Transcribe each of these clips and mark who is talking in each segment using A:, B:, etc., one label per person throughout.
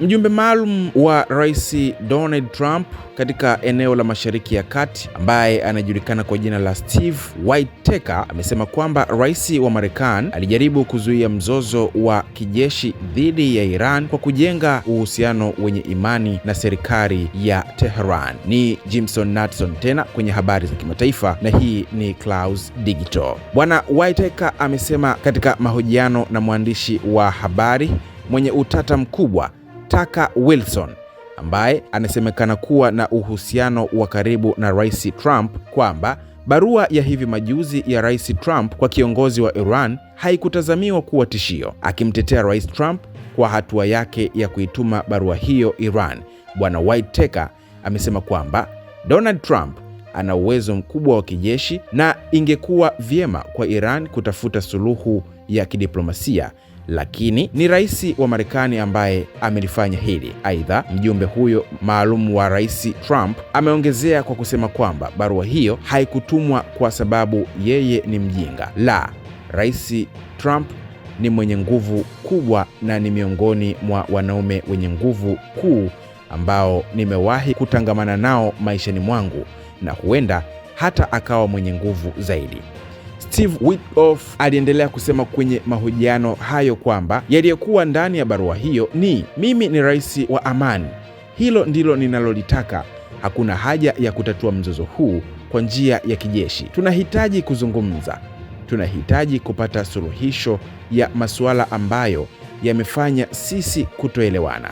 A: Mjumbe maalum wa Rais Donald Trump katika eneo la Mashariki ya Kati ambaye anajulikana kwa jina la Steve Whitaker amesema kwamba rais wa Marekani alijaribu kuzuia mzozo wa kijeshi dhidi ya Iran kwa kujenga uhusiano wenye imani na serikali ya Tehran. Ni Jimson Natson tena kwenye habari za kimataifa na hii ni Clouds Digital. Bwana Whitaker amesema katika mahojiano na mwandishi wa habari mwenye utata mkubwa Tucker Wilson ambaye anasemekana kuwa na uhusiano wa karibu na Rais Trump kwamba barua ya hivi majuzi ya Rais Trump kwa kiongozi wa Iran haikutazamiwa kuwa tishio, akimtetea Rais Trump kwa hatua yake ya kuituma barua hiyo Iran. Bwana Whitaker amesema kwamba Donald Trump ana uwezo mkubwa wa kijeshi na ingekuwa vyema kwa Iran kutafuta suluhu ya kidiplomasia lakini ni rais wa Marekani ambaye amelifanya hili. Aidha, mjumbe huyo maalum wa rais Trump ameongezea kwa kusema kwamba barua hiyo haikutumwa kwa sababu yeye ni mjinga. La, rais Trump ni mwenye nguvu kubwa na ni miongoni mwa wanaume wenye nguvu kuu ambao nimewahi kutangamana nao maishani mwangu, na huenda hata akawa mwenye nguvu zaidi. Steve Witkoff aliendelea kusema kwenye mahojiano hayo kwamba yaliyokuwa ndani ya barua hiyo ni mimi ni rais wa amani, hilo ndilo ninalolitaka. Hakuna haja ya kutatua mzozo huu kwa njia ya kijeshi. Tunahitaji kuzungumza, tunahitaji kupata suluhisho ya masuala ambayo yamefanya sisi kutoelewana.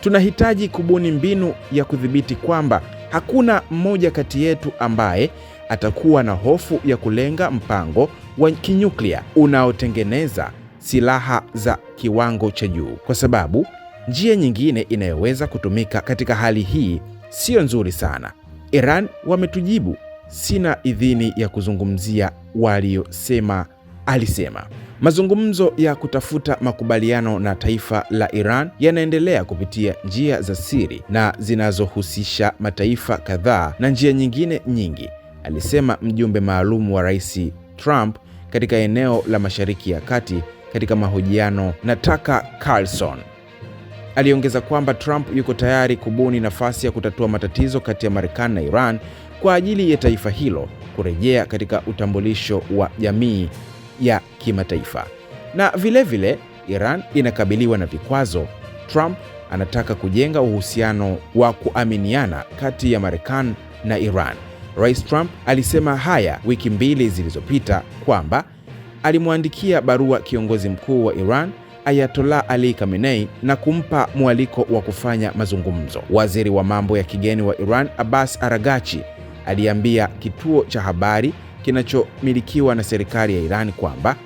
A: Tunahitaji kubuni mbinu ya kudhibiti kwamba hakuna mmoja kati yetu ambaye atakuwa na hofu ya kulenga mpango wa kinyuklia unaotengeneza silaha za kiwango cha juu, kwa sababu njia nyingine inayoweza kutumika katika hali hii siyo nzuri sana. Iran wametujibu, sina idhini ya kuzungumzia waliosema alisema. Mazungumzo ya kutafuta makubaliano na taifa la Iran yanaendelea kupitia njia za siri na zinazohusisha mataifa kadhaa na njia nyingine nyingi alisema mjumbe maalum wa Rais Trump katika eneo la Mashariki ya Kati katika mahojiano na Tucker Carlson. Aliongeza kwamba Trump yuko tayari kubuni nafasi ya kutatua matatizo kati ya Marekani na Iran kwa ajili ya taifa hilo kurejea katika utambulisho wa jamii ya kimataifa. Na vilevile vile, Iran inakabiliwa na vikwazo. Trump anataka kujenga uhusiano wa kuaminiana kati ya Marekani na Iran. Rais Trump alisema haya wiki mbili zilizopita kwamba alimwandikia barua kiongozi mkuu wa Iran Ayatollah Ali Khamenei na kumpa mwaliko wa kufanya mazungumzo. Waziri wa mambo ya kigeni wa Iran Abbas aragachi aliambia kituo cha habari kinachomilikiwa na serikali ya Iran kwamba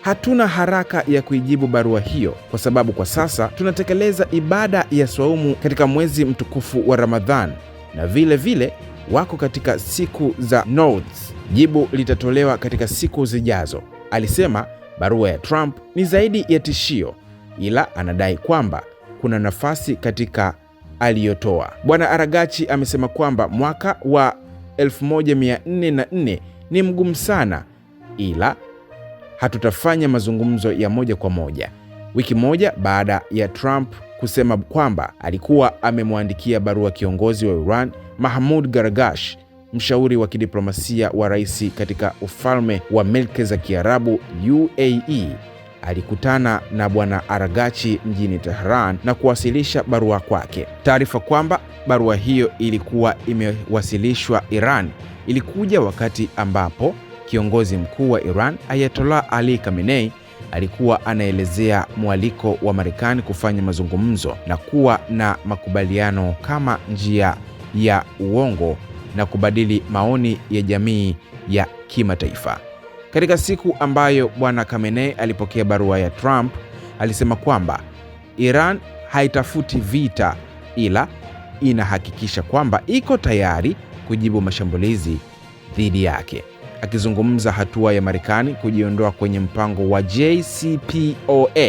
A: hatuna haraka ya kuijibu barua hiyo kwa sababu kwa sasa tunatekeleza ibada ya swaumu katika mwezi mtukufu wa Ramadhan na vile vile wako katika siku za nodes. Jibu litatolewa katika siku zijazo, alisema. Barua ya Trump ni zaidi ya tishio, ila anadai kwamba kuna nafasi katika aliyotoa. Bwana Aragachi amesema kwamba mwaka wa 1404 ni mgumu sana, ila hatutafanya mazungumzo ya moja kwa moja. Wiki moja baada ya Trump kusema kwamba alikuwa amemwandikia barua kiongozi wa Iran Mahmoud Gargash, mshauri wa kidiplomasia wa rais katika ufalme wa Milki za Kiarabu UAE. Alikutana na bwana Aragachi mjini Tehran na kuwasilisha barua kwake. Taarifa kwamba barua hiyo ilikuwa imewasilishwa Iran ilikuja wakati ambapo kiongozi mkuu wa Iran Ayatollah Ali Khamenei alikuwa anaelezea mwaliko wa Marekani kufanya mazungumzo na kuwa na makubaliano kama njia ya uongo na kubadili maoni ya jamii ya kimataifa. Katika siku ambayo Bwana Khamenei alipokea barua ya Trump, alisema kwamba Iran haitafuti vita ila inahakikisha kwamba iko tayari kujibu mashambulizi dhidi yake. Akizungumza hatua ya Marekani kujiondoa kwenye mpango wa JCPOA,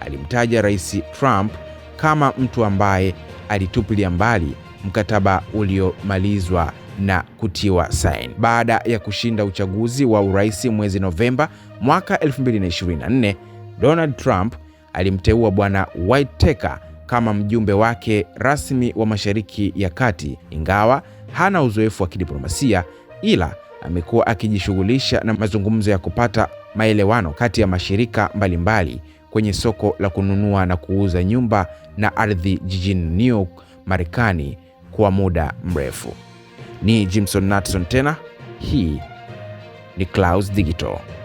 A: alimtaja Rais Trump kama mtu ambaye alitupilia mbali mkataba uliomalizwa na kutiwa saini baada ya kushinda uchaguzi wa urais mwezi Novemba mwaka 2024. Donald Trump alimteua bwana Whitaker kama mjumbe wake rasmi wa Mashariki ya Kati, ingawa hana uzoefu wa kidiplomasia ila amekuwa akijishughulisha na mazungumzo ya kupata maelewano kati ya mashirika mbalimbali mbali kwenye soko la kununua na kuuza nyumba na ardhi jijini New York, Marekani kwa muda mrefu. Ni Jimson Natson tena, hii ni Clouds Digital.